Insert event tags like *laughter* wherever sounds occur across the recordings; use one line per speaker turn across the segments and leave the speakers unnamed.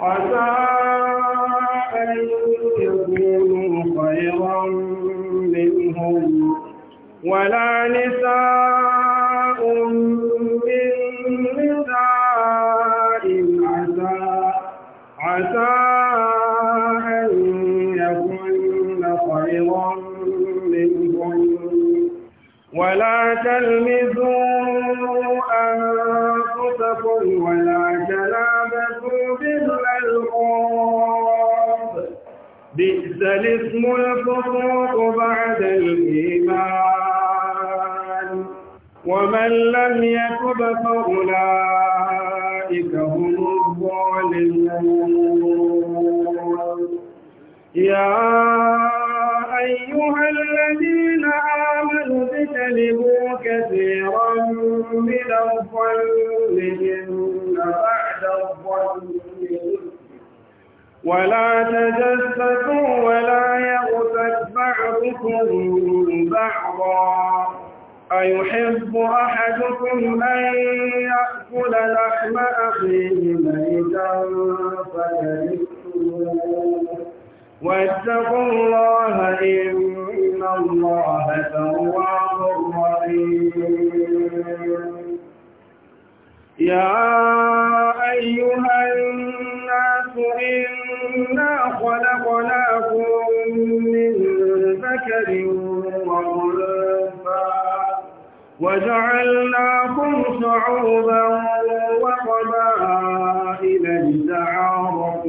عسى
أن يكونوا خيرا منهم ولا نساء من نساء عسى عسى أن يكون خيرا منهم ولا تلمزوا تسلقوا ولا تنابزوا بالألقاب بئس الاسم الفسوق بعد الإيمان ومن لم يتب فأولئك هم الظالمون يا أيها الذين آمنوا اجتنبوا كثيرا من الظن إن بعد الظن ولا تجسسوا ولا يغتب بعضكم بعضا أيحب أحدكم أن يأكل لحم أخيه ميتا فكرهتم واتقوا الله إن الله تواب رحيم يا أيها الناس إنا خلقناكم من ذكر وأنثى وجعلناكم شعوبا وقبائل لتعارفوا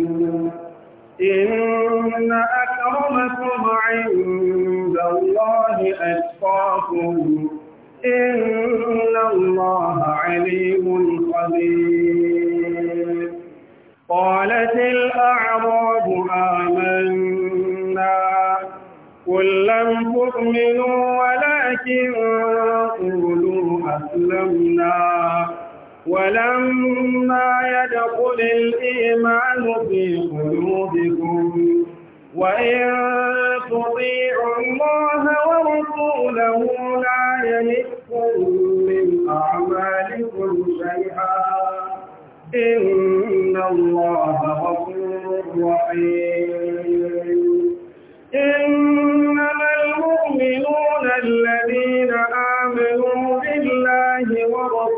إن أكرمكم عند الله أتقاكم إن الله عليم خبير قالت الأعراب آمنا قل لم تؤمنوا ولكن قولوا أسلمنا ولما يدخل الإيمان في قلوبكم وإن تطيعوا الله ورسوله لا يلفكم من أعمالكم شيئا إن الله غفور رحيم إنما المؤمنون الذين آمنوا بالله ورسوله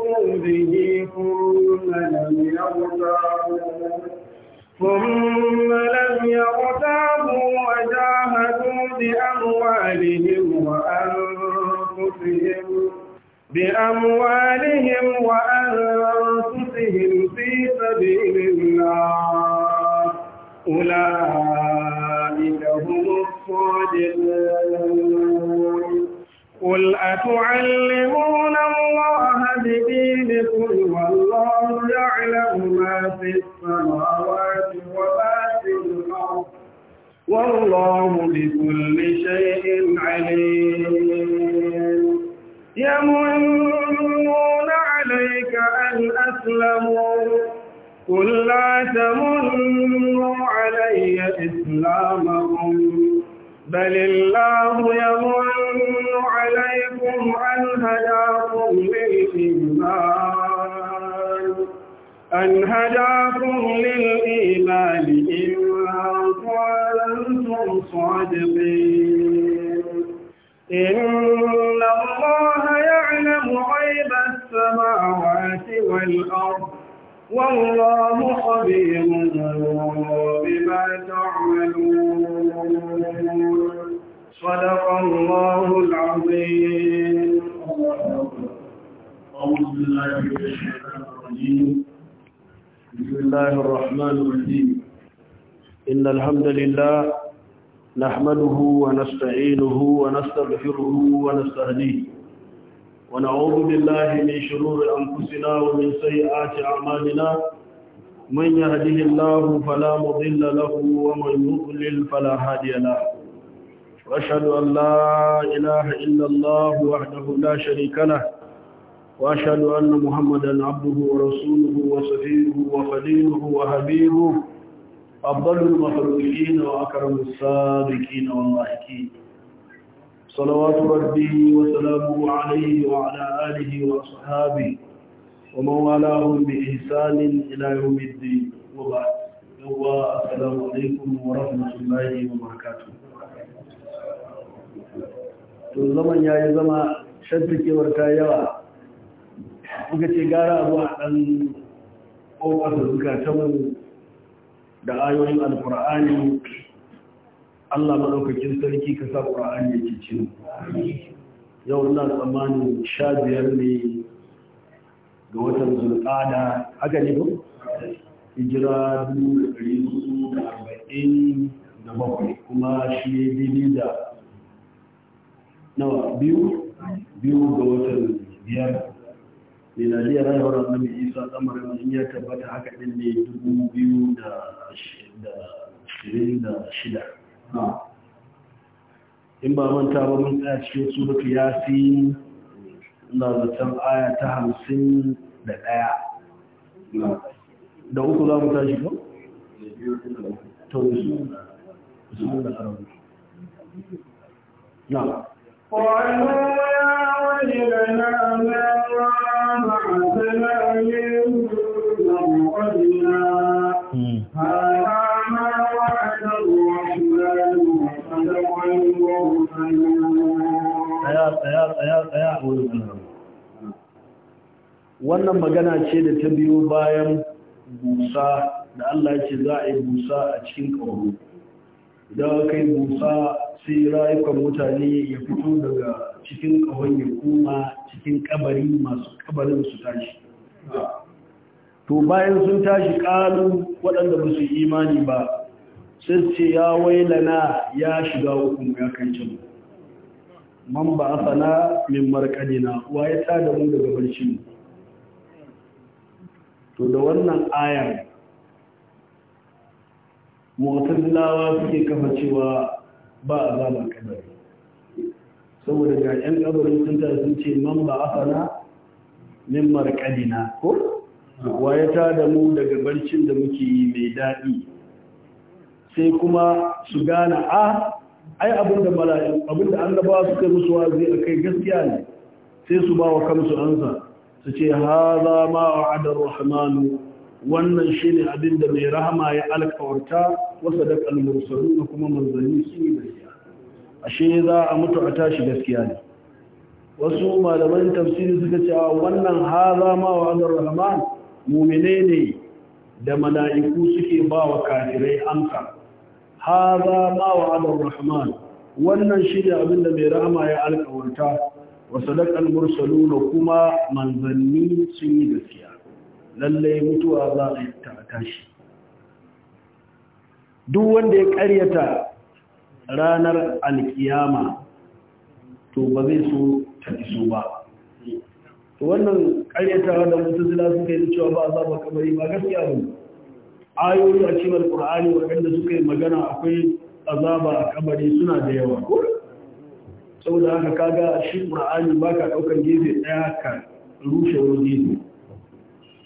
ثم لم يغتابوا وجاهدوا بأموالهم وأنفسهم بأموالهم وأنفسهم في سبيل الله أولئك هم الصادقون قل أتعلمون الله بدينكم والله يعلم ما في السماوات وما في الأرض والله بكل شيء عليم يمنون عليك أن أسلموا قل لا تمنوا علي إسلامكم بل الله يمن عليكم أن هداكم للإيمان أن هداكم للإيمان إن كنتم صادقين إن الله يعلم غيب السماوات والأرض والله خبير بما تعملون صدق الله العظيم
بسم الله الرحمن الرحيم إن الحمد لله نحمده ونستعينه ونستغفره ونستهديه ونعوذ بالله من شرور أنفسنا ومن سيئات أعمالنا من يهده الله فلا مضل له ومن يضلل فلا هادي له وأشهد أن لا إله إلا الله وحده لا شريك له وأشهد أن محمدا عبده ورسوله وصفيه وخليله وحبيبه أفضل المخلوقين وأكرم الصادقين واللائقين صلوات ربي وسلامه عليه وعلى آله وأصحابه ومن والاهم بإحسان إلى يوم الدين وبعد السلام عليكم ورحمة الله وبركاته to zaman ya yi zama shantakewar ta yawa kuka ce gara abu a ɗan ƙofar da zukatanmu da ayoyin alkur'ani Allah maɗaukakin sarki ka sa ƙura'an ya ke ce yau ina tsammanin sha biyar ne ga watan zulƙada haka ne ba hijira dubu ɗari da arba'in da bakwai kuma shi ne bibi da nawa biyu biyu ga watan biyar wa ranar mai isa tsamarin in ya tabbata haka ɗin ne dubu biyu da ashirin da shida in ba manta ba mun tsaya cikin ya yasin ina zaton aya ta hamsin da ɗaya da uku za mu tashi ko? to bisu bisu da arabu na
قالوا يا ويلنا ما بعثنا من مرقدنا na ما وعد الله
wannan magana ce da ta biyo bayan busa da Allah ce za a yi busa a cikin ƙauru idan aka yi busa sai rayukan mutane ya fito daga cikin ƙahon ya kuma cikin ƙabari masu ƙabarin su tashi to bayan sun tashi ƙalu waɗanda ba su imani ba sun ce ya wailana ya shiga hukun ya kanci mu man ba sana min markadina wa ya da mu daga barci mu to da wannan ayar mu'tazilawa suke kafa cewa ba azaba kabari saboda ga ƴan kabarin sun ta sun ce man ba sana min markadina ko wa ya da mu daga barcin da muke yi mai daɗi sai kuma su gane a ah, ai abinda mala'in abinda an ba su kai musu wazi a kai gaskiya ne sai su ba wa kansu ansa su ce haza ma adar rahmanu wannan shine abinda mai rahama ya alkawarta wa sadaqal da kuma manzanni su yi gaskiya ashe za a mutu a tashi gaskiya ne wasu malaman tafsiri suka ce ah, wannan haza ma wa adar rahman mu'mine ne da mala'iku suke ba wa kafirai amsa haza ma wa adar rahman wannan shi ne da mai rahama ya alkawarta wa sadaqal mursaluna kuma manzanni sun yi gaskiya lalle mutuwa za a yi ta tashi duk wanda ya karyata ranar alkiyama to ba zai so ta iso ba to wannan karyatawa da mutazila suka yi cewa ba azaba yi ba gaskiya ba ayoyi a cikin alkur'ani waɗanda suka yi magana akwai azaba a kabari suna da yawa saboda haka kaga shi ƙur'ani ba ka ɗaukar gefe ɗaya ka rushe wani gefe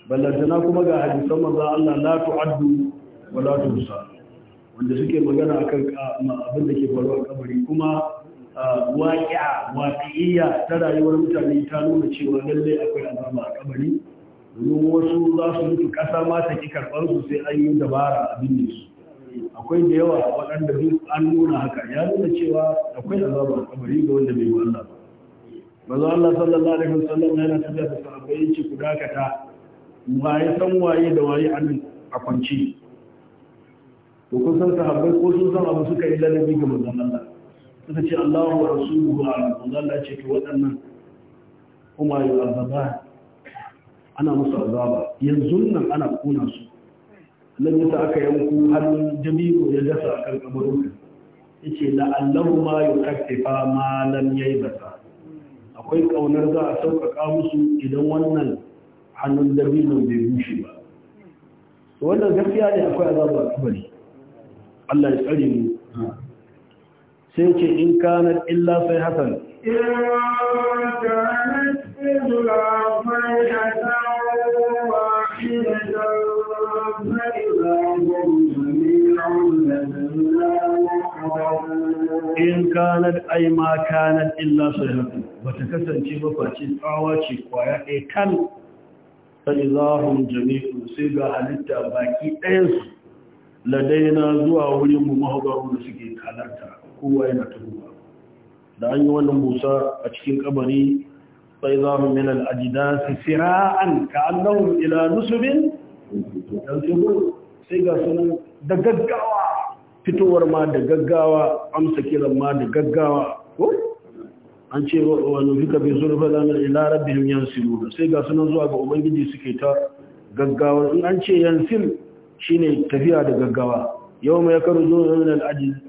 ballantana kuma ga hadisan manzan Allah la tu'addu wa la tuhsa wanda suke magana akan abin da ke faruwa kabari kuma waƙi'a waƙi'iyya ta rayuwar mutane ta nuna cewa lallai akwai azaba a kabari domin wasu za su mutu ƙasa ma ta ki karɓar su sai an yi dabara abin ne su akwai da yawa waɗanda duk an nuna haka ya nuna cewa akwai azaba kabari ga wanda bai wanda Allah ba manzo Allah sallallahu alaihi wasallam yana tafiya da sahabbai ci ku dakata waye san waye da waye an a kwanci Ko kun san sahabbai ko sun san abu suka yi lalabi ga manzo Allah suka ce Allahu wa rasuluhu a'lam manzo Allah ce to waɗannan kuma yu'azzaban ana musu azaba yanzu nan ana kuna su nan yasa aka yanku hannun jamilu ya dasa a kan kabarin ya ce la'allahu ma ya kaktifa ma lam ya yi basa akwai ƙaunar za a sauƙaƙa musu idan wannan hannun dabinin bai bushe ba wannan gaskiya ne akwai azaba a kabari Allah ya tsare mu sai ce in kana illa sai hasan in kanar ai ma kanar illa ba ta kasance mafacin tsawa ce kwaya ɗaya kan falizahun jami'u sai ga halitta baki ɗayansu ladaina zuwa wurin mu da suke halarta kowa yana turuwa da an yi wannan busa a cikin kabari sai za mu min al-ajdasi sira'an annahu ila nusubin sai ga sun da gaggawa fitowar ma da gaggawa amsa kiran ma da gaggawa ko an ce wa nufika bi zurfa da min ila rabbihim yansilun sai ga sun zuwa ga ubangiji suke ta gaggawa in an ce yansil shine tafiya da gaggawa Yau mai karu zuwa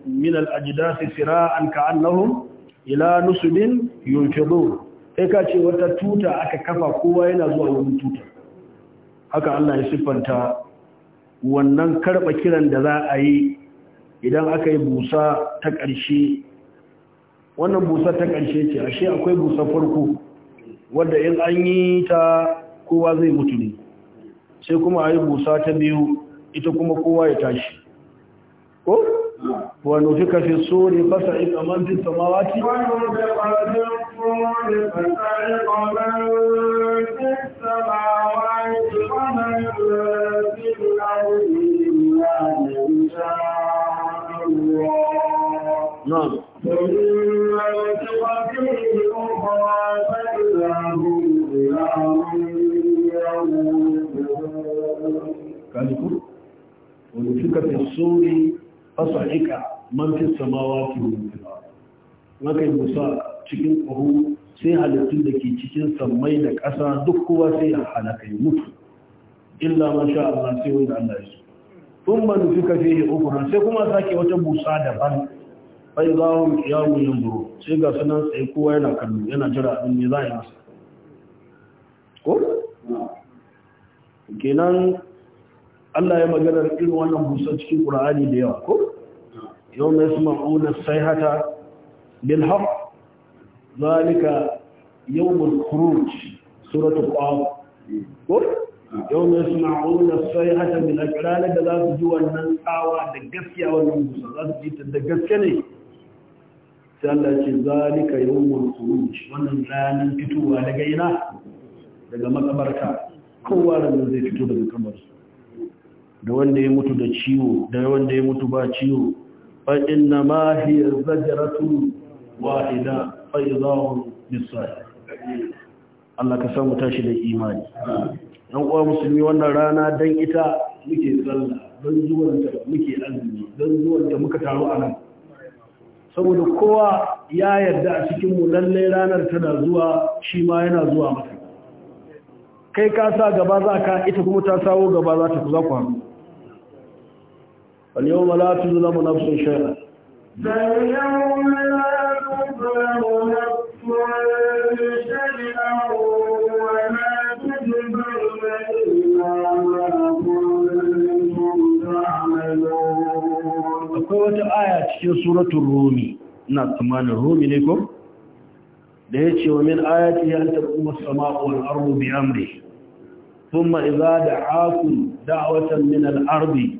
min al-ajdasi sira'an ka'annahum ila nusubin yunfidu sai ka ce wata tuta aka kafa kowa yana zuwa wurin tuta haka Allah ya siffanta wannan karɓa kiran da za a yi idan aka yi busa ta ƙarshe wannan busa ta ƙarshe ce ashe akwai busa farko wadda in an yi ta kowa zai mutu ne sai kuma a yi busa ta biyu ita kuma kowa ya tashi ko ونفق في الصور فصعق من في السماوات
ونفق في الصور فصعق من في السماوات ومن في الأرض إلا من شاء الله نعم ثم نفق فيه أخرى فإذا هم غلام ينظرون
ونفق في الصور fasa'ika man fi samawati wa fil ardi musa cikin ƙaho sai halittun da ke cikin samai da ƙasa duk kowa sai ya halaka ya mutu illa ma sha Allah sai wanda Allah ya so kun ba nufi ka ukura sai kuma sake wata busa daban bai za mu yin buru sai ga sunan sai kowa yana kallo yana jira abin ne za a yi masa ko kenan Allah ya maganar irin wannan busa cikin Qur'ani da yawa ko su yasma'una sayhata bil haqq zalika yawmul khuruj suratu qaf ko su yasma'una sayhata bil aqran da za su ji wannan tsawa da gaskiya wannan busa za su ji ta da gaske ne sai Allah ya ce zalika yawmul khuruj wannan ranar fitowa daga ina daga makabarka kowa da zai fito daga kamarsa da wanda ya mutu da ciwo da wanda ya mutu ba ciwo fa inna ma hiya zajratun wahida fa idahum bisahih Allah ka samu tashi da imani dan uwa musulmi wannan rana dan ita muke sallah dan zuwan ta muke azumi dan zuwan ta muka taru anan saboda kowa ya yarda a cikin mu lalle ranar tana zuwa shi ma yana zuwa masa kai ka sa gaba za ka ita kuma ta sawo gaba za ta za ku فاليوم لا تظلم نفس شيئا
فاليوم لا تظلم نفس شيئا وما تجبرون إلا ما كنتم تعملون
أقوى آية في سورة الرومي ina tsammanin romi ne ko da ya ce wa min ayati ya ta kuma sama'u al'arru bi amri thumma idza da'akum da'watan min al'ardi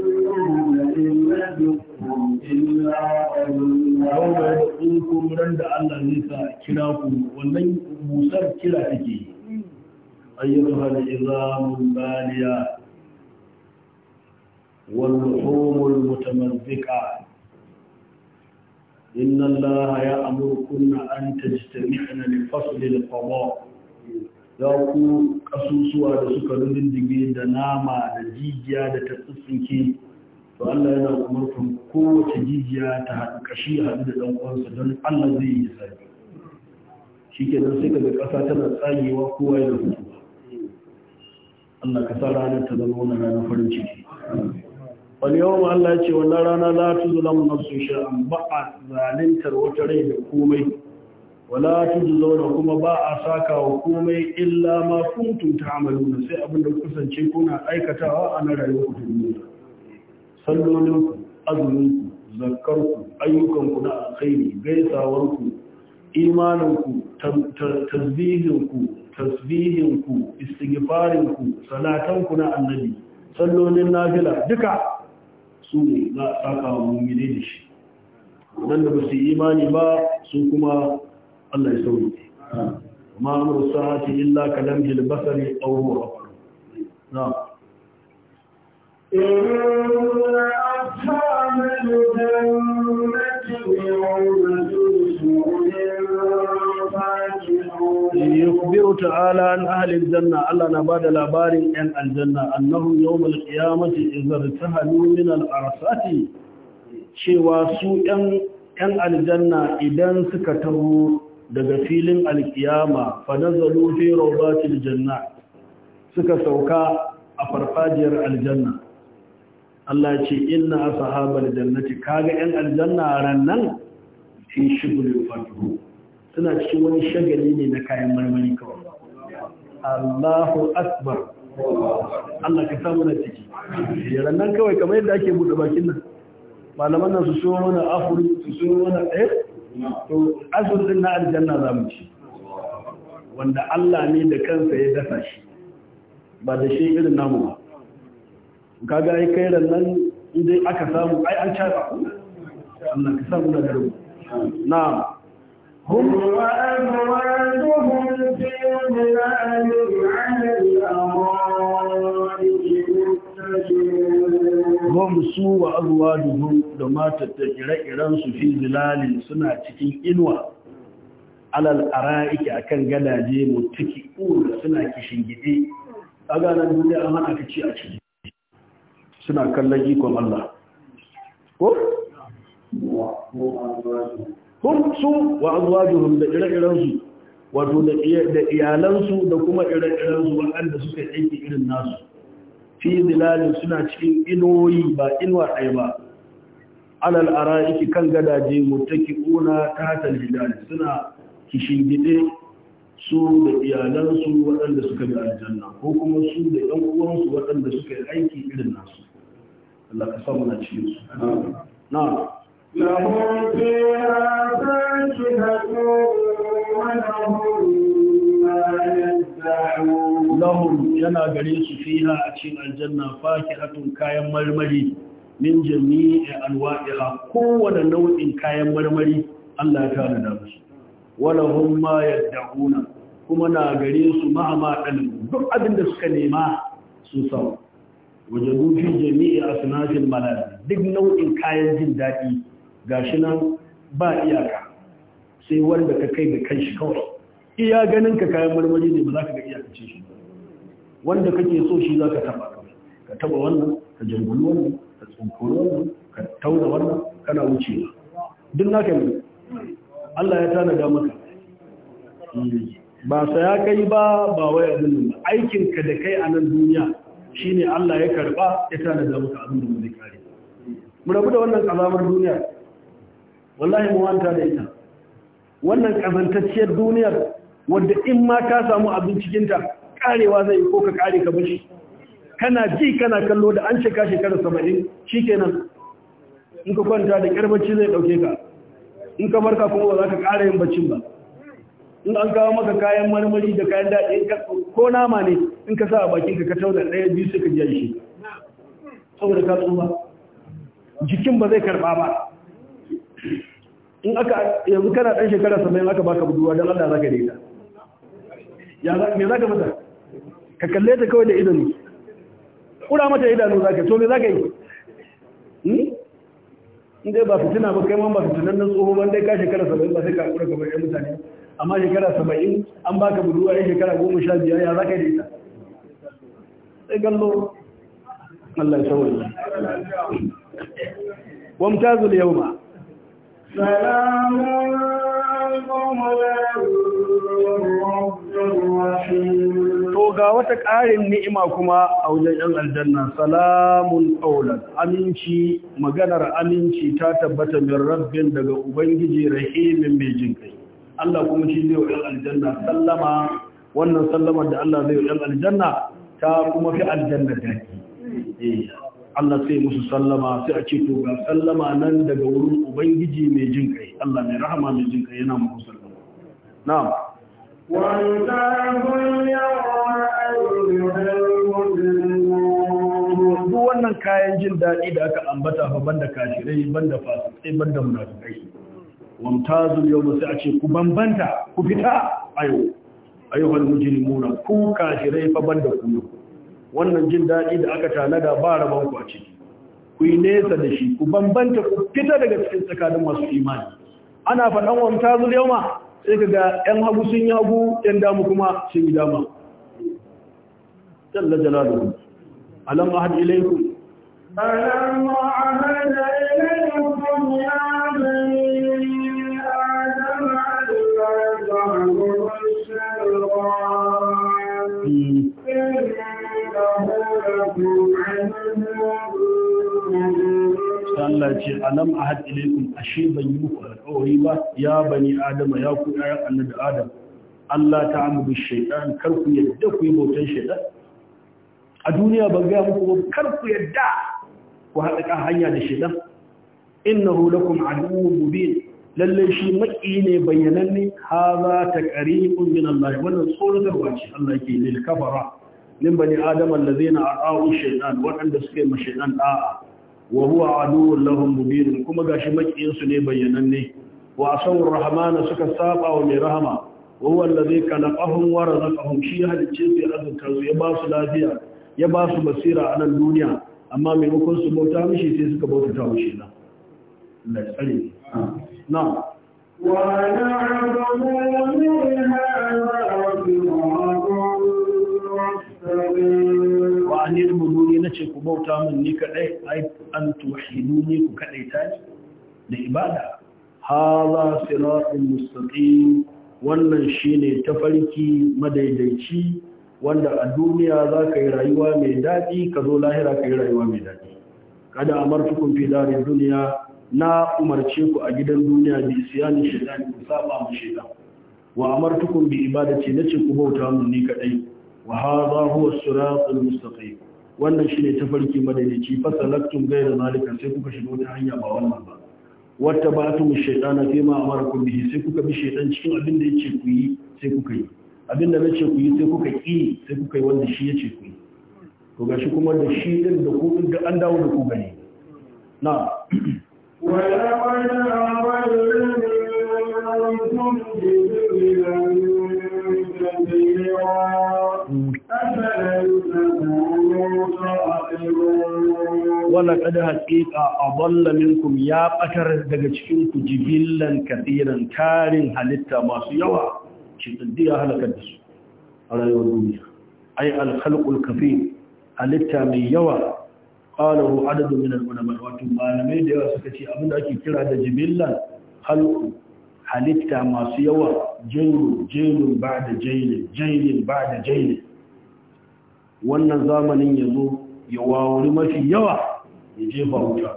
yankun ran da Allah zai sa
kira ku wannan musar kira take yi ayyukan hada izamun baliya wani homer mutumar zika innan ya amurkun na an tajistami ana ne fasuli da kwamo da suka rubin dige da nama da jijiya da tattattun ke to Allah yana umurtun kowace jijiya ta haɗu kashi haɗu da ɗan uwansa don Allah zai yi sani shi ke nan sai ka ga ƙasa tana tsagewa kowa yana hutu Allah ka sa ranar ta zama wani ranar farin ciki wani yawan Allah ce wannan rana za ta zulamu na su an ba a zalintar wata rai da komai wala tujzauna kuma ba a saka wa komai illa ma kuntum ta'maluna sai abin da kusance kuna aikatawa a na rayuwar ku nuna. sallolinku azuminku zakkarku ayyukanku na alkhairi gaisawarku imaninku tasbihinku tasbihinku istighfarinku salatanku na annabi sallolin nafila duka su ne za a saka wa mummine da shi wanda ba su imani ba su kuma Allah ya sauri ma sa'ati illa kalam basari aw huwa na
الجنة يوم يخبر
تعالى عن أهل الجنة الله نباد الأبار أن الجنة أنهم يوم القيامة إذا ارتهلوا من الأرسات شواسوا أن الجنة إذن سكتوا دقفيل القيامة فنزلوا في روضات الجنة سكتوا أفرقاجر الجنة Allah ce inna sahabal jannati kaga yan aljanna rannan fi shugulin fatu suna cikin wani shagali ne na kayan marmari kawai Allahu akbar Allah ka samu na ciki eh, rannan kawai kamar yadda ake buɗe bakin nan malaman nan su so mana afuri su so mana eh to azurin na aljanna za mu ci wanda Allah ne da kansa ya dasa shi ba da shi irin namu ba gaga ai kai nan idan aka samu
ai an a kuma
ka samu da garu na
هم وأزواجهم في ظلال على الأرائك هم
su wa azwajuhum da matatta ire-iren su fi zilalin suna cikin inuwa alal akan gadaje mutaki ur suna kishingide a ganar duniya hana a ciki suna kallon ikon Allah ko su wa azwajuhum da ire-irensu wato da iyalansu da kuma ire-irensu waɗanda suka aiki irin nasu fi zilalin suna cikin inuwoyi ba inuwa ɗaya ba alal ara'iki kan gadaje muttaki'una ta hatar hidal suna kishigide su da iyalansu waɗanda suka bi aljanna ko kuma su da 'yan uwansu waɗanda suka yi aiki irin nasu Allah ka samu na su yana gare su fiha a cikin aljanna fakihatun kayan marmari min jami'i alwa'iha kowane nau'in kayan marmari Allah ya tana da musu wala hum ma yad'una kuma na gare su ma'a dalil duk abin da suka nema su samu wajadu fi jami'i asnafil malal duk nau'in kayan jin daɗi gashi nan ba iyaka sai wanda ka kai da kanshi kawai iya ganin ka kayan marmari ne ba za ka ga iyakacin shi wanda kake so shi za ka taba kawai ka taba wannan ka jangulu wannan ka tsunkuru wannan ka tauna wannan kana wucewa duk na kai Allah ya tanada maka ba ya kai ba ba wai abin aikin ka da kai a nan duniya ne Allah ya karɓa ya tana da muka abin da mu zai kare mu rabu da wannan ƙazamar duniya wallahi mu wanta da ita wannan kazantacciyar duniyar wadda in ma ka samu abin cikinta, ƙarewa zai yi ko ka ƙare ka bashi kana ji kana kallo da an cika shekara ke nan. in ka kwanta da kyar zai ɗauke ka in ka kuma ba za ka ƙara yin baccin ba in an kawo maka kayan marmari da kayan daɗi ko nama ne in ka sa a bakin ka ka tauna ɗaya biyu sai ka shi saboda ka tsoma jikin ba zai karɓa ba in aka yanzu kana ɗan shekara saba'in aka baka buduwa don Allah zaka daita ya me zaka mata ka kalle ta kawai da idanu kura mata idanu zaka to me zaka yi hmm? in dai ba fitina ba kai ma ba fitinan nan tsoho ban dai ka shekara saba'in ba sai ka ƙura gaba ɗaya mutane amma shekara saba'in an ba ka budurwa ya shekara goma sha biyar ya za ka yi ita sai gallo Allah ya sauwa
wamtazu da yau ma salamun
To ga wata ƙarin ni'ima kuma a wajen ‘yan aljanna, salamun ƙaunar, aminci, maganar aminci ta tabbata min rabbin daga Ubangiji rahimin mai jin kai. Allah kuma shi zai wa aljanna sallama wannan sallamar da Allah zai wa aljanna ta kuma fi aljanna Eh Allah sai musu sallama sai a ce to ga sallama nan daga wurin ubangiji mai jin kai Allah mai rahama mai jin kai yana muku sallama na'am wannan kayan jin daɗi da aka ambata fa banda kashirai banda fasikai banda munafikai wamtazul yawma sai a ce ku bambanta ku fita ayo ayyuhal mujrimuna ku kafirai fa banda ku wannan jin daɗi da aka tanada ba raban ku a ciki ku yi nesa da shi ku bambanta ku fita daga cikin tsakanin masu imani ana faɗan wamtazul yawma sai ka ga ƴan hagu sun yi hagu ƴan damu kuma sun yi dama jalla jalaluhu alam ahad ilaykum
alam ahad ilaykum ya
Allah ce alam ahad ilaikum ashe ban yi muku alƙawari ba ya bani adama ya ku ƴaƴan da adam Allah ta amu shaytan kar ku yadda ku yi bautan shaiɗan. a duniya ban ga muku ba kar ku yadda ku haɗa kan hanya da shaytan innahu lakum mu mubin lalle shi maki ne bayyananne ta ƙari min Allah wannan tsoratarwa ce Allah ke lil kafara min bani adam allazina a'u shaytan waɗanda suke ma shaytan da'a wa huwa aduwwul lahum mubin kuma gashi makiyin su ne bayyananne wa asawur rahmana suka saba wa mai rahama wa huwa allazi khalaqahum wa razaqahum shi halicce su ya azurta su ya ba su lafiya ya ba su basira a nan duniya amma maimakon su bauta mishi sai suka bauta ta mishi na Allah ya tsare na
wa na'budu min hadha wa anil
muluni nace ku bauta min ni kadai ai an tuwahiduni ku kadai ta ni da ibada Hala siratun mustaqim wannan shine tafarki madaidaici wanda a duniya za ka yi rayuwa mai daɗi ka zo lahira ka yi rayuwa mai daɗi kada amartukum fi darin duniya na umarce ku a gidan duniya bi ni shaytan ku saba mu shida. wa amartukum bi ibadati nace ku bauta mun ni kadai وهذا هو الصراط المستقيم siratul mustaqim wannan shine tafarki madaidaici fa salaktum ghayra zalika sai kuka shiga ta hanya ba wannan ba wata ba tu shaytana fi ma amara kun bihi sai kuka bi shaytan cikin abin da yake ku yi sai kuka yi abin da nace ku yi sai kuka ki sai kuka yi wanda shi yake ku yi to gashi kuma da shi din da ku din da an dawo da ku gani na
wala qad abadan
wala kada haƙiƙa a balla minkum ya ɓatar daga cikin ku jibillan kasiran tarin halitta masu yawa shi ya halakar da su a rayuwar duniya ai alhalkul kafe halitta mai yawa ƙalahu adadin min al'ulama wato malamai da yawa suka ce abinda ake kira da jibillan halku halitta masu yawa jailu jailun ba da jailin jailin ba da jailin wannan zamanin ya zo yawa wani mafi yawa ya jefa wuta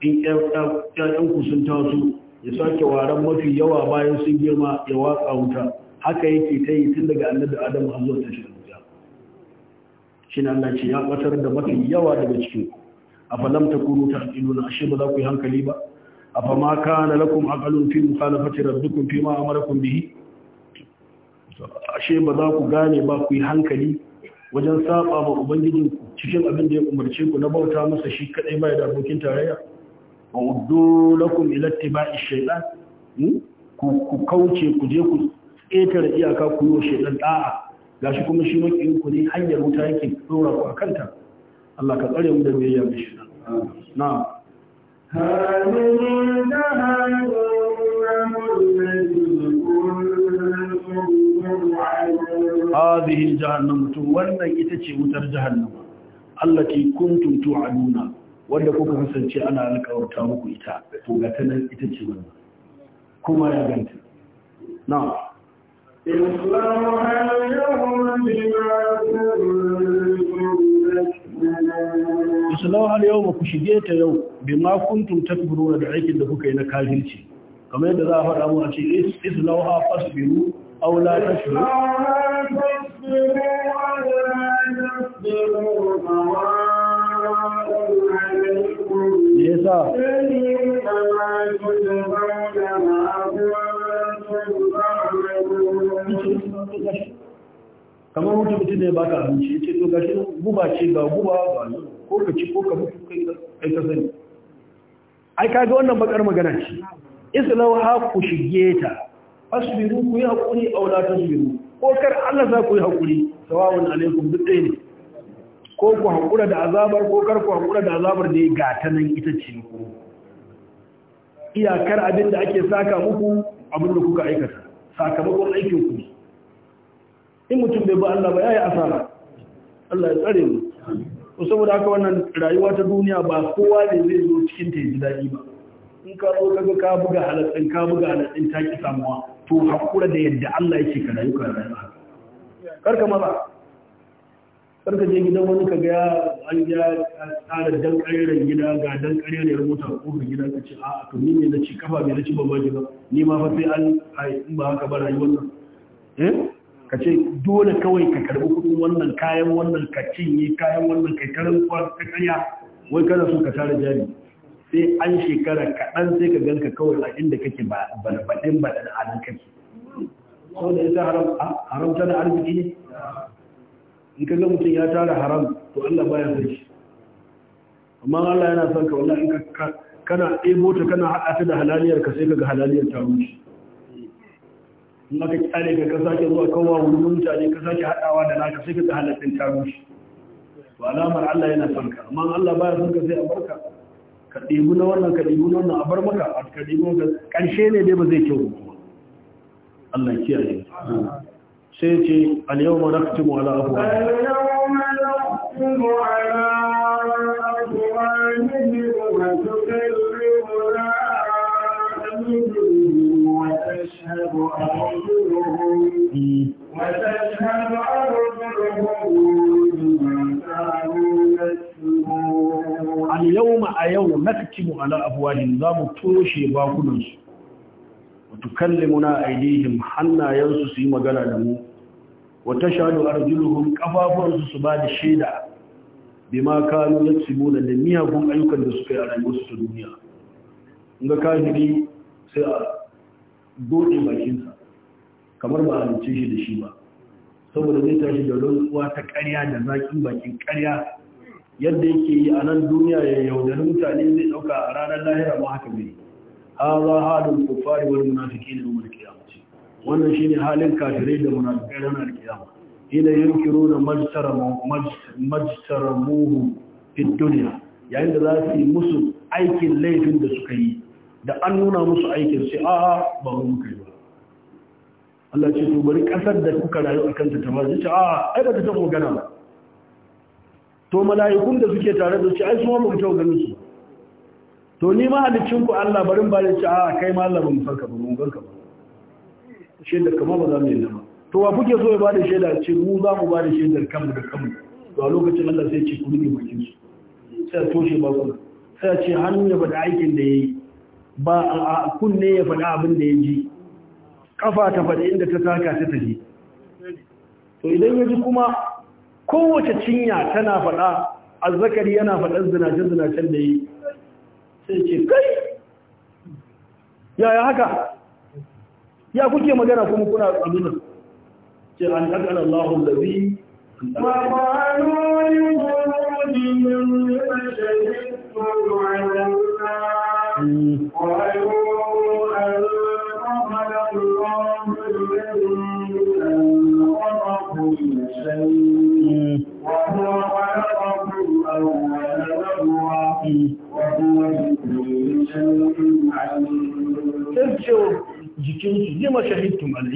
in ƴaƴanku sun taso ya sake waran mafi yawa bayan sun girma ya watsa wuta haka yake ta yi tun daga annabi adam har zuwa ta shirin wuta shi na Allah ce ya ɓatar da mafi yawa daga cikin a falam ta kuru ta nuna, ashe ba za ku yi hankali ba a fama na lakum aqalun fi mukhalafati rabbikum fi ma amarakum bihi ashe ba za ku gane ba ku yi hankali wajen saba ma ubangiji cikin abin da ya umarce ku na bauta masa shi kadai bai da abokin tarayya wa uddu lakum ila tibai shaytan hmm? ku kauce ku je ku ƙetare iyaka ku yi shaytan da'a gashi kuma shi makiyin ku ne hanyar wuta yake tsora ku akanta Allah ka tsare mu da biyayya da shi na'am
هذه na التي
هذه jahannam to wannan ita ce wutar jahannam allati kuntum tu'aduna wanda kuka kasance ana alƙawarta muku ita to ga ta nan ita ce wannan kuma ya ganta na. Islamu har yau ba ku shige ta yau, bi ma kuntum takbiru da aikin da kuka yi na kafirci, kamar yadda za a faɗa mu a ce, Islamu ha fasbiru أو لا تشهدوا kamar wata mutum ne ba ka abinci ce to gashi guba ce ga guba ba ko ka ci ko ka mutu kai ka sani ai kaga wannan bakar magana ce islau ha ku shige ta asbiru ku yi haƙuri a wula tasbiru ko kar Allah za ku yi haƙuri sawawun alaikun duk ne ko ku haƙura da azabar ko kar ku haƙura da azabar da ya gata nan ita ce ku iyakar abin da ake saka muku abin da kuka aikata sakamakon aikin ku ne in mutum bai ba Allah ba ya yi asara Allah ya tsare mu ko saboda haka wannan rayuwa ta duniya ba kowa ne zai zo cikin ta ji daɗi ba in ka zo kaga ka buga halatsin ka buga halatsin ta ki samuwa to haƙura da yadda Allah yake ka rayu ka rayu karka maza karka je gidan wani ka ga an ya tsara dan kareren gida ga dan kareren mota ko gida ka ce a to ni ne na ci kafa ne na ci babban gida ni ma fa sai an in ba haka ba rayuwar nan eh ka ce dole kawai ka karbi kudin wannan kayan wannan ka cinye kayan wannan kai karin kwa ka kanya wai kana so ka tara jari sai an shekara kaɗan sai ka ganka kawai a inda kake ba balbaɗin ba da halin kake sau da ita haram tana arziki ne in ka ga mutum ya tara haram to allah ba ya zai amma allah yana son ka wanda in ka kana ɗebo ta kana haɗa ta da halaliyar ka sai ka ga halaliyar ta rushe in aka kyale ka ka sake zuwa kawo wani mutane ka sake haɗawa da naka sai ka ga halaliyar ta rushe to alamar allah yana son ka amma allah ba ya son ka sai a barka ka ɗebi na wannan ka ɗebi na wannan a bar maka a ka ɗebi maka ƙarshe ne dai ba zai kyau ba Allah kiyaye sai ce al-yawma naqtimu ala afwa
al-yawma naqtimu ala afwahihim wa tukallimuna أيديهم وتشهد a وتشهد أرجلهم
al-yawma a yau naktimu ala afwahihim za mu toshe bakunansu su wa tukallimuna aydihim hannayen su su yi magana da mu wa tashhadu arjuluhum qafafun su su ba da shaida bima kanu yaksibuna da miyagun ayyukan da suka yi a rayuwarsu ta duniya in ga kafiri sai a dole bakinsa kamar ba a halice shi da shi ba saboda zai tashi da rantsuwa ta ƙarya da zaƙin bakin ƙarya yadda yake yi a nan duniya ya yaudari mutane zai ɗauka a ranar lahira ma haka bai haza halin kufari wani munafiki ne umar kiyamaci wannan shine halin kafirai da munafikai ranar kiyama ina yankiru na majtaramuhu fit duniya yayin da za su yi musu aikin laifin da suka yi da an nuna musu aikin sai a ba mu muka yi ba Allah ce to bari kasar da kuka rayu a kanta ta ba zai ce a ta taɓa magana ba to mala'ikun da suke tare da shi ai sun ba tawo ganin su to ni ma halicin ku Allah barin ba da ci a kai ma Allah ba mu farka ba mun ganka ba shaidar kama ba za mu yi ba to wa kuke so ya ba da shaidar ce mu za mu ba da shaidar kanmu da kanmu to a lokacin Allah sai ce ku ne bakin su sai toshe ba ku sai ce hannu ya faɗi aikin da yayi ba a kunne ya faɗi abin da ya ji kafa ta faɗi inda ta saka ta tafi to idan ya ji kuma kowace cinya tana faɗa azzakari yana faɗar zinace-zinacen da yi sai ce kai yaya haka ya kuke magana kuma kuna abin ce an ƙaƙar Allahun da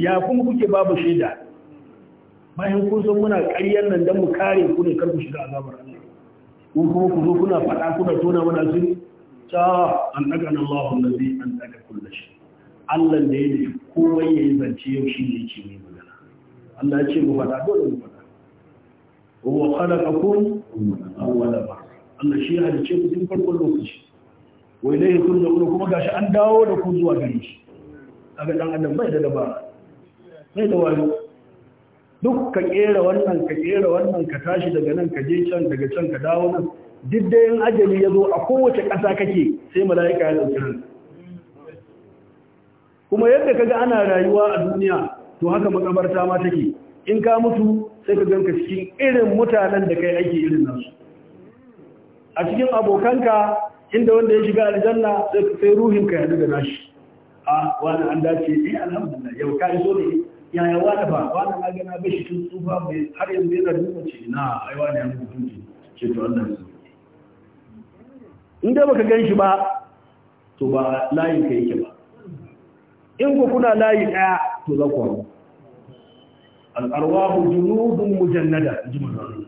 ya kuma kuke babu shaida bayan kun san muna ƙaryar nan don mu kare ku ne karku shiga azabar Allah kun kuma ku zo kuna faɗa kuna tona mana asiri ta an daga nan Allahu allazi an daga kullu shi Allah ne ya yi komai ya yi zance yau shi ne yake mai magana Allah ya ce mu faɗa dole mu faɗa wa khalaqakum awwala ba Allah shi ya halice ku tun farkon lokaci wai dai kun da kuma gashi an dawo da ku zuwa gare shi kaga dan adam bai da dabara sai da wani duk ka kera wannan ka kera wannan ka tashi daga nan ka je can daga can ka dawo nan duk da yin ajali ya zo a kowace ƙasa kake sai mala'ika ya ɗauki ranka kuma yadda kaga ana rayuwa a duniya to haka makabarta ma take in ka mutu sai ka ganka cikin irin mutanen da kai aiki irin nasu a cikin abokanka inda wanda ya shiga aljanna sai ruhin ka ya daga nashi a wani an dace eh alhamdulillah yau ka iso ne yaya wani ba wani na gana bai shi tun tsufa mai har yanzu yana duka ce na aiwa ne yanzu mutunci ce to Allah su in dai baka gan shi ba to ba layin ka yake ba in ku kuna layi daya to za ku hau al'arwahu junudun mujannada ji manzon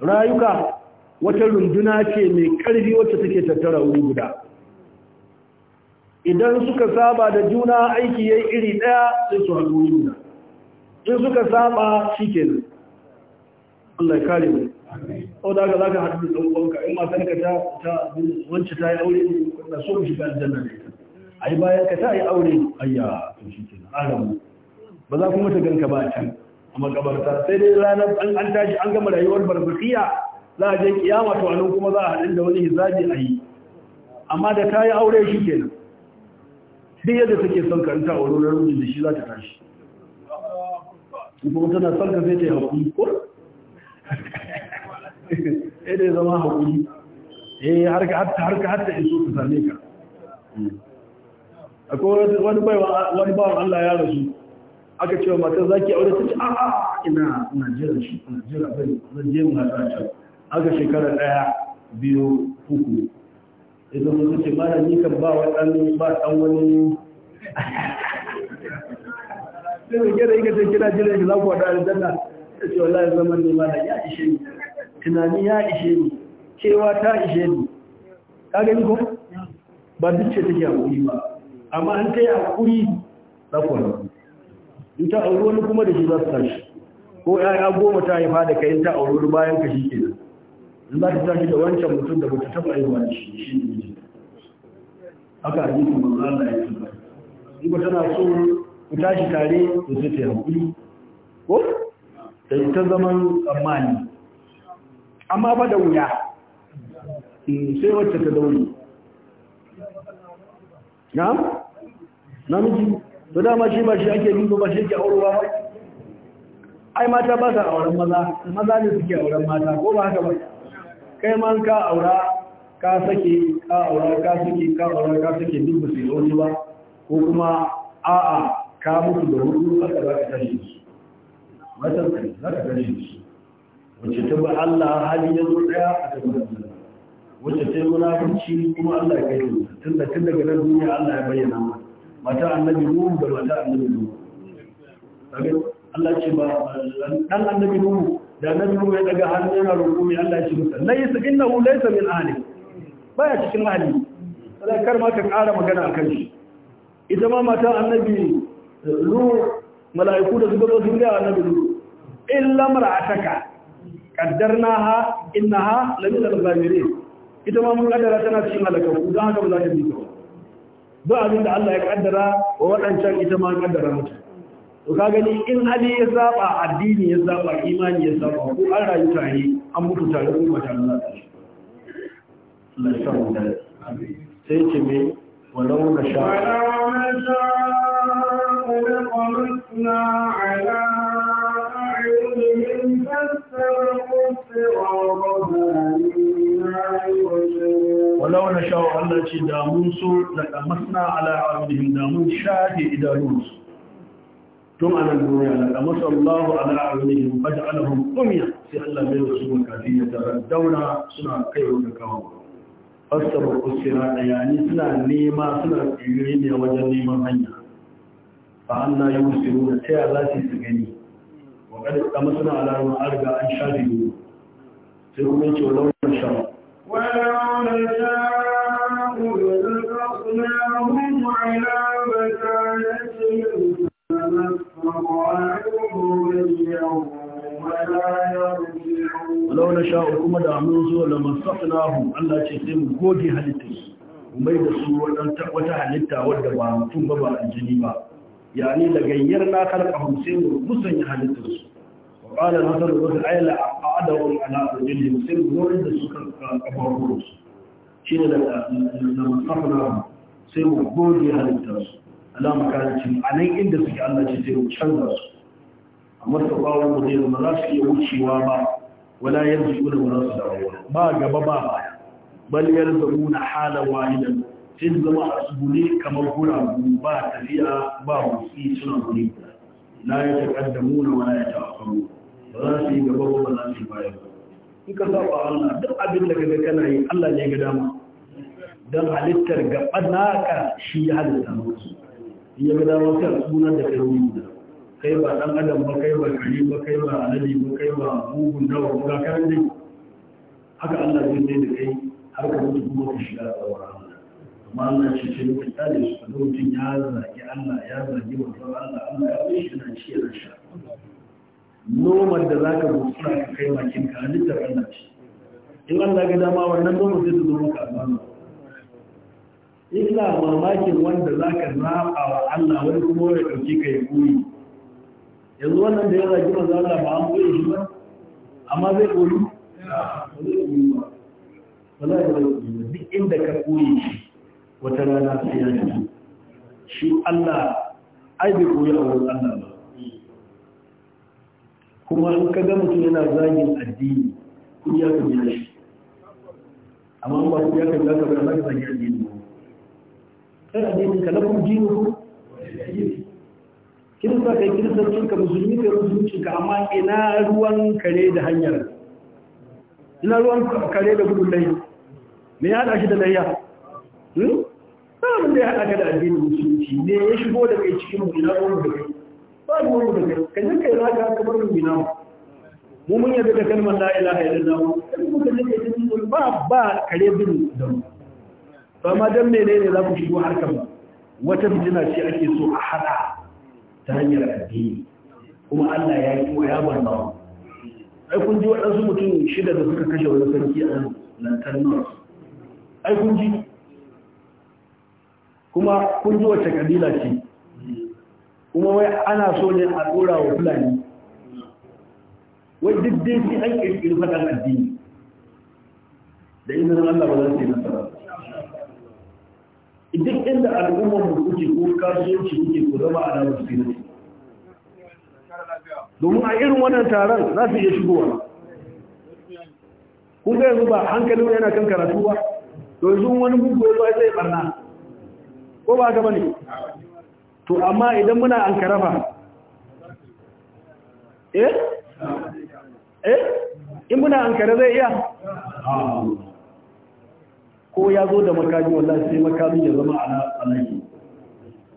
rayuka wata runduna ce mai karfi wacce take tattara wuri guda idan suka saba da juna aiki yayi iri daya sai su haɗu juna in suka saba ne Allah ya kare mu amin da haka zaka haɗu da uwanka in matan ka ta ta wance ta yi aure na so mu shiga aljanna ne ai bayan ka ta yi aure ayya to shikenan alamu ba za kuma ta ganka ba can a makabarta sai dai ranar an tashi an gama rayuwar barbakiya za a je kiyama to anan kuma za a haɗu da wani hizabi a yi amma da ta yi aure ne duk yadda take son ka ta aure na namiji da shi za ta tashi kuma tana son ka sai ta yi haƙuri ko eh *laughs* da zama haƙuri eh har ka har ka har ta iso ta same ka akwai wani baiwa wani bawan Allah ya rasu aka cewa wa matar zaki aure ta ce ah ina ina jira shi ina jira bai zan je mu hada ta aka shekara daya biyu uku idan mun ce mana ni kan ba wa ɗan ba dan wani
*laughs* sai mu gera yake sai
kina jira ki za ku wada aljanna ta ce wallahi zaman ne ma da ya ishe ni tunani ya ishe ni cewa ta ishe ni ka gani ko ba duk ce take hakuri ba amma an kai hakuri za ku wada in ta auri wani kuma da shi za su tashi ko ya goma ta haifa da kai in ta auri bayan ka shi ke za ta tafi da wancan mutum da bata taɓa yi wani shi shi ne miji haka a jikin manzo Allah ya tuba in ba tana so ku tashi tare to sai ta yi hakuri ko da ta zaman tsammani amma ba da wuya eh, sai wacce ta daure Na namiji to dama shi ba shi ake duba ba shi ake aurewa ba ai mata ba sa auren maza maza ne suke auren mata ko ba haka ba kai man ka aura ka sake ka aura ka sake ka aura ka sake duk ba su yi wani ba ko kuma a'a ka mutu da hudu haka za ka tashi su matan ka za ka tashi su wacce ta ba Allah hali ya zo daya a ta gudu wacce ta yi munafunci kuma Allah ya kai tun da tun daga nan duniya Allah ya bayyana ma mata annabi nuhu da mata annabi nuhu Allah ce ba dan annabi nuhu da na biyu ya daga hannu yana roƙo mai Allah shi musa laisa innahu laisa min ahli baya cikin ahli sai kar ma ka ƙara magana akan shi ita ma mata annabi ru mala'iku da suka zo sun ga annabi ru illa mar'ataka qaddarnaha innaha lamin al-zamirin ita ma mun kaddara tana cikin halakau, don haka ba za ta bi ba ba abinda Allah ya kaddara wa waɗancan ita ma kaddara mutum ka gani in ali ya zaba addini ya zaba imani ya zaba ko an rayu tare an mutu tare ko ba tare na sai ce me wannan wanda sha
wala wani sha'o'an da
ce damun su da kamar suna ala'adun da mun shafe idanunsu tun a nan duniya na kamar sallahu ala arzini baje alahun umiya sai Allah bai wasu makafi ya tara dauna suna kai wa kawo fassara kusura daya ni suna nema suna tsiri ne wajen neman hanya fa Allah yi musu da taya za su su gani wa kada kama suna alarma arga an sha biyu sai kuma ce wa launar sha
wa launar sha walau na
sha'u kuma da mun zo da masafinahun Allah ce sai mu goge halittarsu mai da su wata halitta wadda ba mutum ba ba aljini ba yani da gayyar na karkahun sai mu yi halittarsu wa ƙala na sarar wasu ayyala a adawar ala aljini sai mu gorin da su karkahun shi ne da masafina sai mu goge halittarsu Allah makarantun a nan inda suke Allah ce zai ba su amma su bawon mu zai ba za su iya wucewa ba wala yanzu kuna ba za su dawo ba gaba ba baya bal yarzamu na hala wahidan sai su zama a tsubule kamar guragu ba tafiya ba motsi suna guri la ya taƙaddamu na wala ya ta'affaru ba za su yi gaba ba za su yi baya ba in ka saba Allah duk abin da kaga kana yi Allah ne ga dama dan halittar gaban naka shi ya halitta musu ya ga dama sai suna sunan da kai da kai ba dan adam ba kai ba kai ba kai ba alali ba kai ba bugun dawa ba ga kan dai haka Allah zai yi da kai har ka mutu kuma ka shiga tsawara amma Allah ce ce ta da shi da mutum ya zagi Allah ya zagi manzon Allah Allah ya yi shi na shi na sha nomar da zaka gusa ka kai makin ka halittar Allah ce in Allah ga dama wannan nomar zai zo maka amma ina mamakin wanda za ka zaɓa wa Allah wani kuma wani ɗauki ka yi koyi yanzu wannan da ya zagi manzo Allah ba an koyi shi ba amma zai koyi ba zai koyi ba wala da duk inda ka koyi shi wata rana sai ya ji shi Allah ai bai koyi a wurin Allah ba kuma in ka ga mutum yana zagin addini kuɗi ya kan shi amma ba kuɗi ya kan ka ba za ka zagi addini sai addinin ka lakum dinukum kirista kai kiristancin ka musulmi kai musulmi ka amma ina ruwan kare da hanyar ina ruwan kare da gudun lai me ya da shi da layya samun hmm? da ya haɗa da addinin musulunci ne ya shigo da kai cikin mu ina ruwan da kai ba ruwan da kai kan yanka yana ka kamar mu ina mu mun yadda da kalmar la ilaha illallah mu kan yanka ba ba kare bin da mu ba ma don menene za ku shigo harkar ba wata fitina ce ake so a hada ta hanyar addini kuma Allah ya yi wa ya barna ai kun ji waɗansu mutum shida da suka kashe wani sarki a lantar north ai kun ji kuma kun ji wacce kabila ce kuma wai ana so ne a ɗora wa fulani wai duk dai sai an ƙirƙiri faɗan addini da izinin Allah ba za su yi nasara duk inda al'ummar mu kuke ko kasuwanci kuke ku zama a nan ne domin a irin wannan taron za su iya shigowa kun ga yanzu ba hankalin yana kan karatu ba to yanzu wani bugu ya zo zai barna ko ba ka bane to amma idan muna an karafa eh eh in muna an kare zai iya ko ya zo da makami wallahi sai makami ya zama ala alayi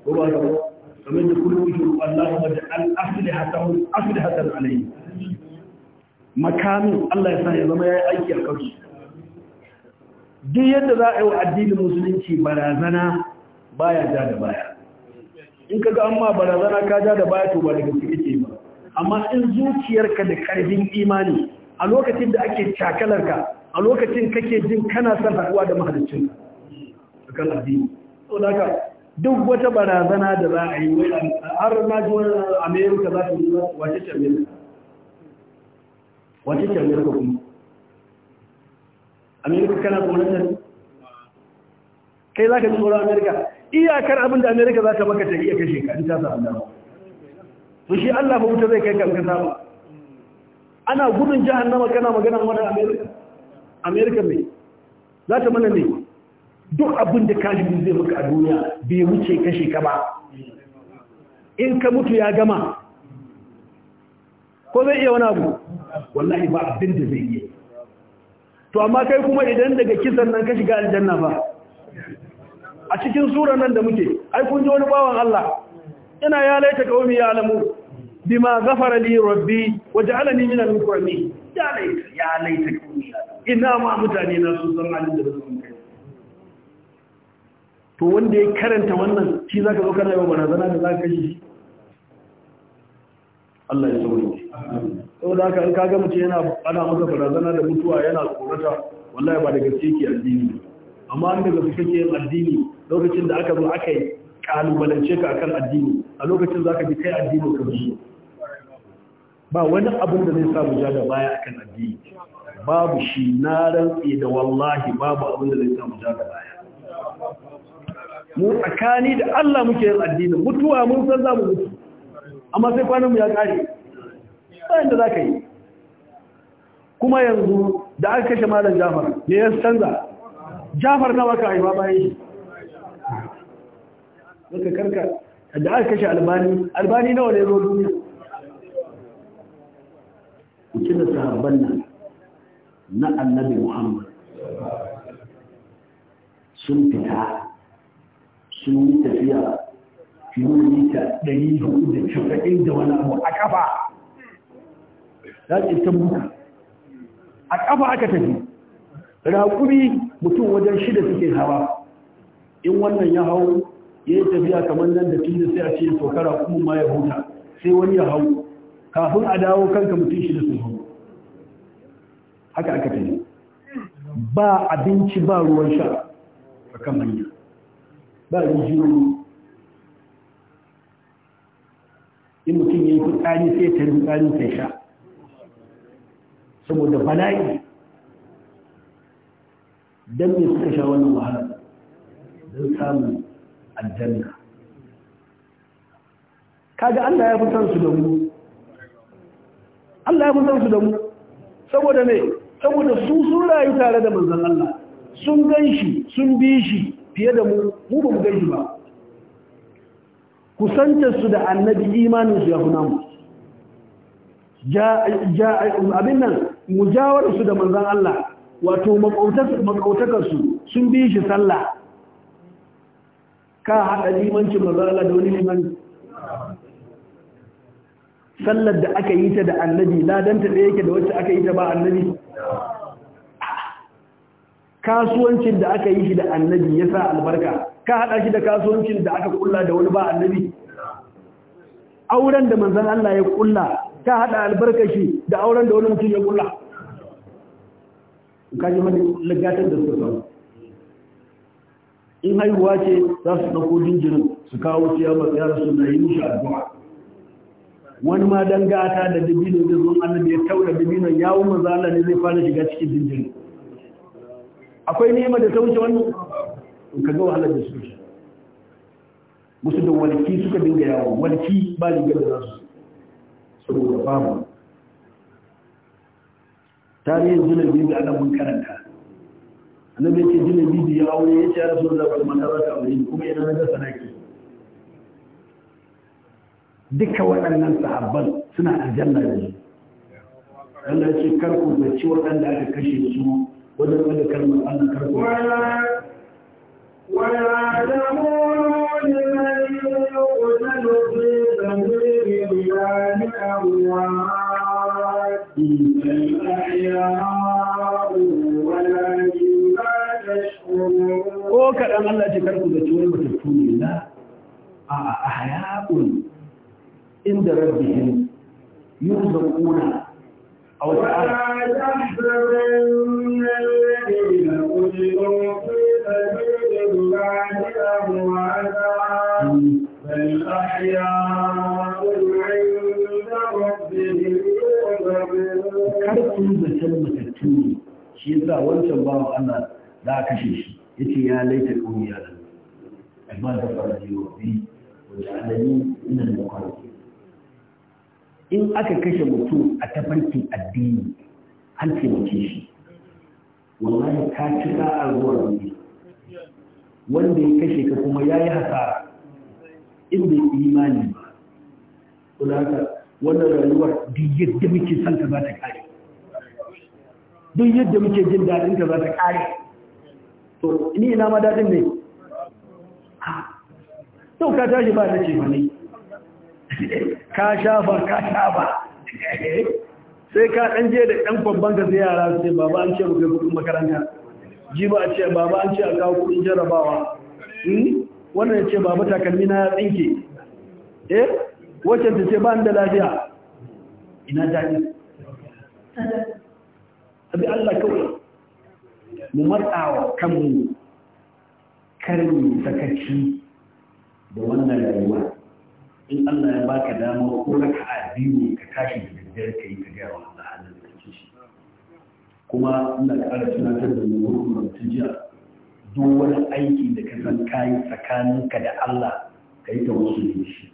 ko ba ka kamar da kullu shi wallahi wa al asli aslihatan alayhi Makami, Allah ya sa ya zama yayi aiki a kansu duk yadda za a yi wa addinin musulunci barazana baya ja da baya in kaga amma barazana ka ja da baya to ba daga cikin ba amma in zuciyarka da karfin imani a lokacin da ake cakalarka a lokacin kake jin kana son haɗuwa da mahalicin kan addini Sau da duk wata barazana da za a yi wai har ma wani amerika za su yi wace ce amerika wace ce amerika kuma amerika kana kuma nan kai za ka ji tsoron amerika iyakar abin da amerika za ta maka ta iya kashe ka in ta a dama to shi allah ba wuta zai kai kan sama. ana gudun jahannama kana magana wani amerika Amerika mai za ta mana ne duk abin da kashifin zai maka a duniya bai wuce kashe ka ba in ka mutu ya gama ko zai iya wani abu wallahi ba abin da zai iya to amma kai kuma idan daga kisan nan ka shiga aljanna ba a cikin sura nan da muke ai kun ji wani bawan Allah ina ya laita kaumi ya alamu bima ghafara li rabbi waj'alani min al-mukramin ya laita ya laita ina ma mutane na sun san halin da su kai to wanda ya karanta wannan shi zaka zo kana yawan barazana da zaka kashe Allah ya sauri sau da haka in kaga mutum yana ana masa barazana da mutuwa yana tsorata wallahi ba da gaske ke addini amma an daga suke yin addini lokacin da aka zo aka yi kalubalance ka akan addini a lokacin za ka bi kai addini ka zuwa ba wani abin da zai sa mu ja da baya akan addini babu shi na rantsi da wallahi babu abin da zai samu daga baya mu tsakani da Allah muke yin addini mutuwa mun san za mu mutu amma sai kwanan mu ya kare bayan da za ka yi kuma yanzu da aka kashe malam jafar ne ya canza jafar na waka haifa bayan shi suka karka da aka kashe albani albani nawa ne zo duniya mutum da sahabban nan na annabi Muhammad sun fita sun yi tafiya kilomita ɗari da shafa'in da wani abu a ƙafa zaƙi ta buka a ƙafa aka tafi raƙuri mutum wajen shida suke hawa in wannan ya hau ya yi tafiya kamar nan da tunda sai a ce saukara kuma ma ya huta sai wani ya hau kafin a dawo kanka mutum shida haka aka tafi ba abinci ba ruwan sha a kan manya ba rijiyoyi in mutum ya yi fitsari sai ta fitsari sai sha saboda bala'i don me suka sha wani wahala don samun aljanna kaga Allah ya fi san su da mu Allah ya fi san su da mu saboda ne saboda su sun rayu tare da manzon Allah sun gan sun bi shi fiye da mu mu ba mu gan shi ba kusantarsu da annabi imaninsu ya fi namu abin nan mujawarsu da manzan Allah wato makautakarsu sun bi shi sallah ka haɗa limancin manzan Allah da wani limanci sallar da aka yi ta da annabi ladanta da yake da wacce aka yi ta ba annabi kasuwancin da aka yi shi da annabi ya sa albarka ka haɗa shi da kasuwancin da aka kulla da wani ba annabi auren da manzan Allah ya kulla ka haɗa albarka shi da auren da wani mutum ya kulla ka ji lagatar da su in haihuwa ce za su ɗauko jinjirin su kawo ciyar matsayar su na yi mushi addu'a wani ma dan gata da dabino da zuwan da ya taura dabinon wu manzo Allah ne zai fara shiga cikin jinjiri akwai nema da ta wuce wannan in kaga wahalar da suke musu da walki suka dinga yawo walki ba rigar da za su saboda babu tarihin jinabi da ana mun karanta annabi ya ce biyu da ya aure ya ce ya rasu da zaɓar mata za ta aure kuma yana na gasa naki duka waɗannan sahabban suna aljanna yanzu Allah ce karku da ci waɗanda aka kashe su wajen wani kalmar Allah karku
ko kaɗan Allah ce karku da
wani matattu ne na a ahaya'un inda rabbihim yurzaquna أو تعالى
تحسبن الذين أولئك في سبيل الله أمواتا بل أحياء عند ربهم karfin zaton matattu ne
shi yasa wancan bawa Allah za a kashe shi yace ya laita kauniya da ba da farajiyo bi wanda alani ina da kwanci in aka kashe mutum a tafarkin addini an taimake shi wallahi ta ci a ruwan ne wanda ya kashe ka kuma ya yi hasara in bai imani ba kudaka wannan rayuwar duk yadda muke son ka za ta kare duk yadda muke jin daɗin ka za ta kare to ni ina ma daɗin ne sau ah. ka tashi ba ta ce ba ne ka shafa ka shafa sai ka ɗan je da ɗan kwamban ka sai yara sai baba an ce mu kai kudin makaranta ji ba a ce baba an ce a kawo kudin jarabawa hmm? wannan ya ce baba takalmi na tsinke eh wacce ta ce ba da lafiya ina daɗi abi Allah kawai mu matsawa kanmu karni sakaci da wannan rayuwa in Allah ya baka damar ko raka a biyu ka tashi da daddare ka yi ka gaya wa Allah halin da kake shi kuma ina ƙara tunatar da mu gurbin jiya duk wani aiki da ka san kayi tsakaninka da Allah ka yi ta wasu ne shi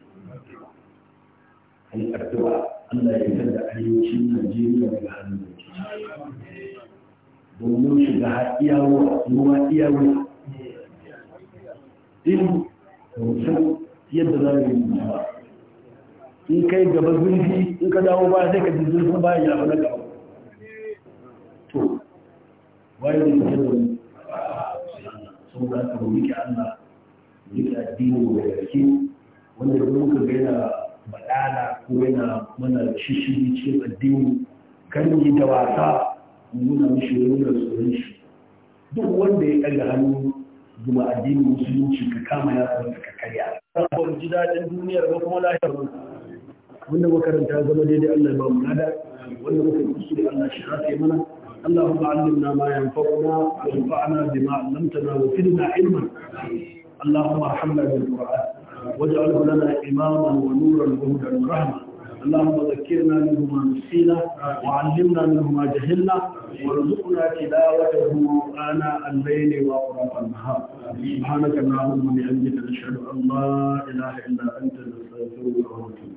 An addu'a Allah ya fitar da arewacin Najeriya daga halin da kake shi domin shiga iyawa ruwa iyawa din musamman yadda za mu yi ba in kai gaba zurfi in ka dawo ba sai ka ji zurfin bayan ya fi na gaba to bayan da ke da sau da aka rike allah rike addini da gaske wanda da muka ga yana ko yana mana shishiri cikin addini kan yi da wasa nuna mishi nuna tsoron shi duk wanda ya ɗaga hannu zuma addinin musulunci ka kama ya ka karya rabon ji daɗin duniyar ba kuma lahirar wani wannan makaranta zama daidai Allah ba mu nada wanda muka yi shi da Allah shi haka yi mana Allah ba alimna ma yan fa'una wa fa'ana na lamtana wa fidna ilma Allahumma arhamna bil qur'an waj'alhu lana imaman wa nuran wa hudan wa اللهم ذكرنا منه ما نسينا وعلمنا منه ما جهلنا وارزقنا تلاوته آناء الليل وأطراف النهار سبحانك اللهم وبحمدك نشهد أن لا إله إلا أنت نستغفرك ونتوب